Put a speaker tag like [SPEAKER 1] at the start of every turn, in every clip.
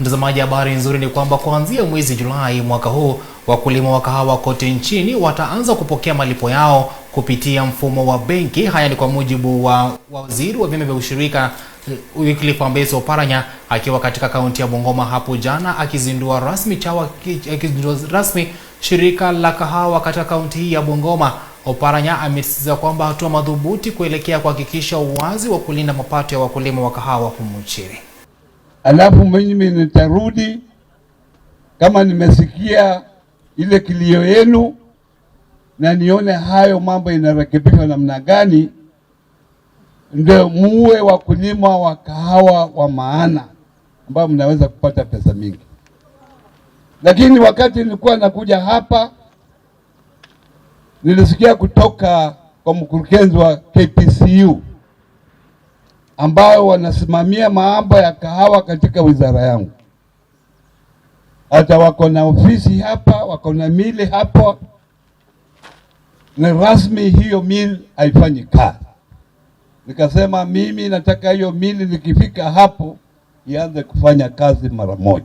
[SPEAKER 1] Mtazamaji, habari nzuri ni kwamba kuanzia mwezi Julai mwaka huu wakulima wa kahawa kote nchini wataanza kupokea malipo yao kupitia mfumo wa benki. Haya ni kwa mujibu wa waziri wa vyama vya ushirika Wycliffe Ambeso Oparanya akiwa katika kaunti ya Bungoma hapo jana akizindua rasmi chawa akizindua rasmi shirika la kahawa katika kaunti hii ya Bungoma. Oparanya amesisitiza kwamba hatua madhubuti kuelekea kuhakikisha uwazi wa kulinda mapato ya wakulima wa kahawa humu nchini
[SPEAKER 2] alafu mimi nitarudi kama nimesikia ile kilio yenu na nione hayo mambo inarekebika namna gani, ndio muwe wakulima wa kahawa wa maana ambao mnaweza kupata pesa mingi. Lakini wakati nilikuwa nakuja hapa, nilisikia kutoka kwa mkurugenzi wa KPCU ambao wanasimamia mambo ya kahawa katika wizara yangu. Hata wako na ofisi hapa, wako na mili hapo ni rasmi hiyo mili haifanyi kazi. Nikasema mimi nataka hiyo mili nikifika hapo ianze kufanya kazi mara moja,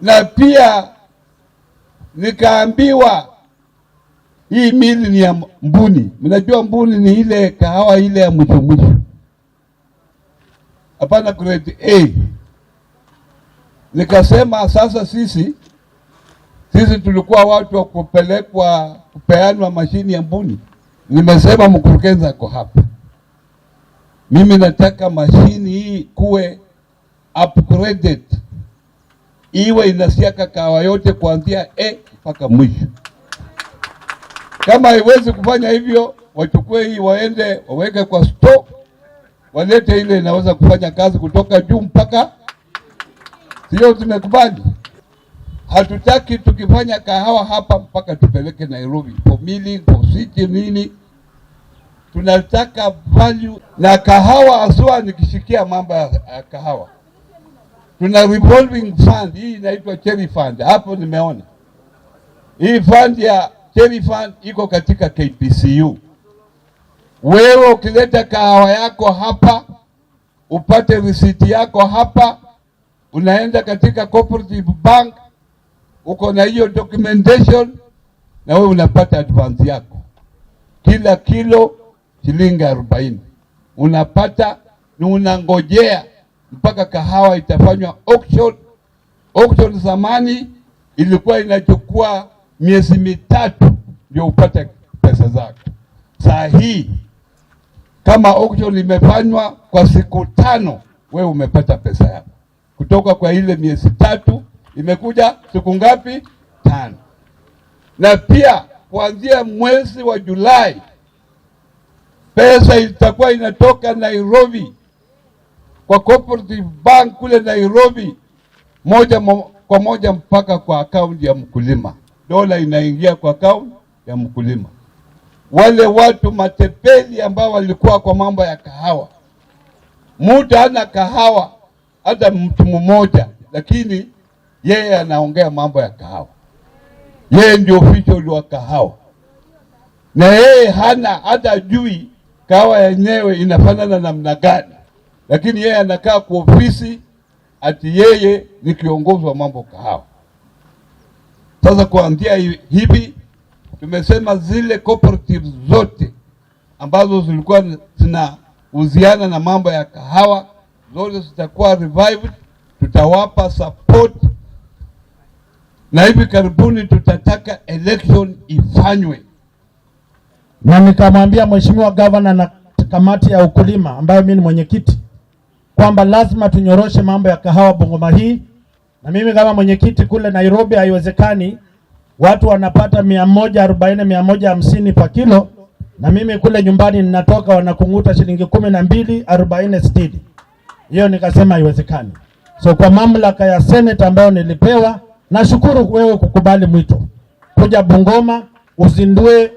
[SPEAKER 2] na pia nikaambiwa hii mili ni ya mbuni. Mnajua mbuni ni ile kahawa ile ya mwisho mwisho, hapana grade A. Nikasema sasa sisi sisi tulikuwa watu wa kupelekwa kupeanwa mashini ya mbuni. Nimesema mkurugenzi ako hapa, mimi nataka mashini hii kuwe upgraded, iwe inasiaka kahawa yote kuanzia A mpaka mwisho. Kama haiwezi kufanya hivyo, wachukue hii waende waweke kwa store, walete ile inaweza kufanya kazi kutoka juu mpaka, sio? Tumekubali. Hatutaki tukifanya kahawa hapa mpaka tupeleke Nairobi for milling, for city nini. Tunataka value na kahawa asua. Nikishikia mambo ya kahawa, tuna revolving fund hii inaitwa cherry fund. Hapo nimeona hii fund ya Chemi iko katika KPCU. Wewe ukileta kahawa yako hapa upate risiti yako hapa, unaenda katika cooperative bank, uko na hiyo documentation, na wewe unapata advance yako kila kilo shilingi arobaini unapata ni unangojea mpaka kahawa itafanywa auction. Auction zamani ilikuwa inachukua miezi mitatu ndio upate pesa zako. Saa hii kama auction imefanywa kwa siku tano, wewe umepata pesa yako kutoka kwa ile miezi tatu, imekuja siku ngapi? Tano. Na pia kuanzia mwezi wa Julai pesa itakuwa inatoka Nairobi kwa Cooperative Bank kule Nairobi moja mo, kwa moja mpaka kwa akaunti ya mkulima dola inaingia kwa kaunti ya mkulima. Wale watu matepeli ambao walikuwa kwa mambo ya kahawa, mtu ana kahawa hata mtu mmoja, lakini yeye anaongea mambo ya kahawa. Yeye ndio official wa kahawa, na yeye hana hata jui kahawa yenyewe inafanana namna gani, lakini yeye anakaa kwa ofisi ati yeye ni kiongozi wa mambo kahawa. Sasa kuanzia hivi tumesema zile cooperative zote ambazo zilikuwa zinahusiana na mambo ya kahawa zote zitakuwa revived, tutawapa support na hivi karibuni tutataka election ifanywe.
[SPEAKER 1] Na nikamwambia mheshimiwa gavana na kamati ya ukulima ambayo mimi ni mwenyekiti kwamba lazima tunyoroshe mambo ya kahawa Bungoma hii na mimi kama mwenyekiti kule Nairobi, haiwezekani watu wanapata mia moja arobaini mia moja hamsini kwa kilo, na mimi kule nyumbani ninatoka wanakunguta shilingi kumi na mbili arobaini sitini. Hiyo nikasema haiwezekani. So kwa mamlaka ya seneta ambayo nilipewa, nashukuru wewe kukubali mwito kuja Bungoma uzindue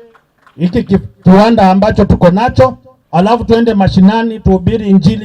[SPEAKER 1] hiki kiwanda ambacho tuko nacho, alafu tuende mashinani tuhubiri injili.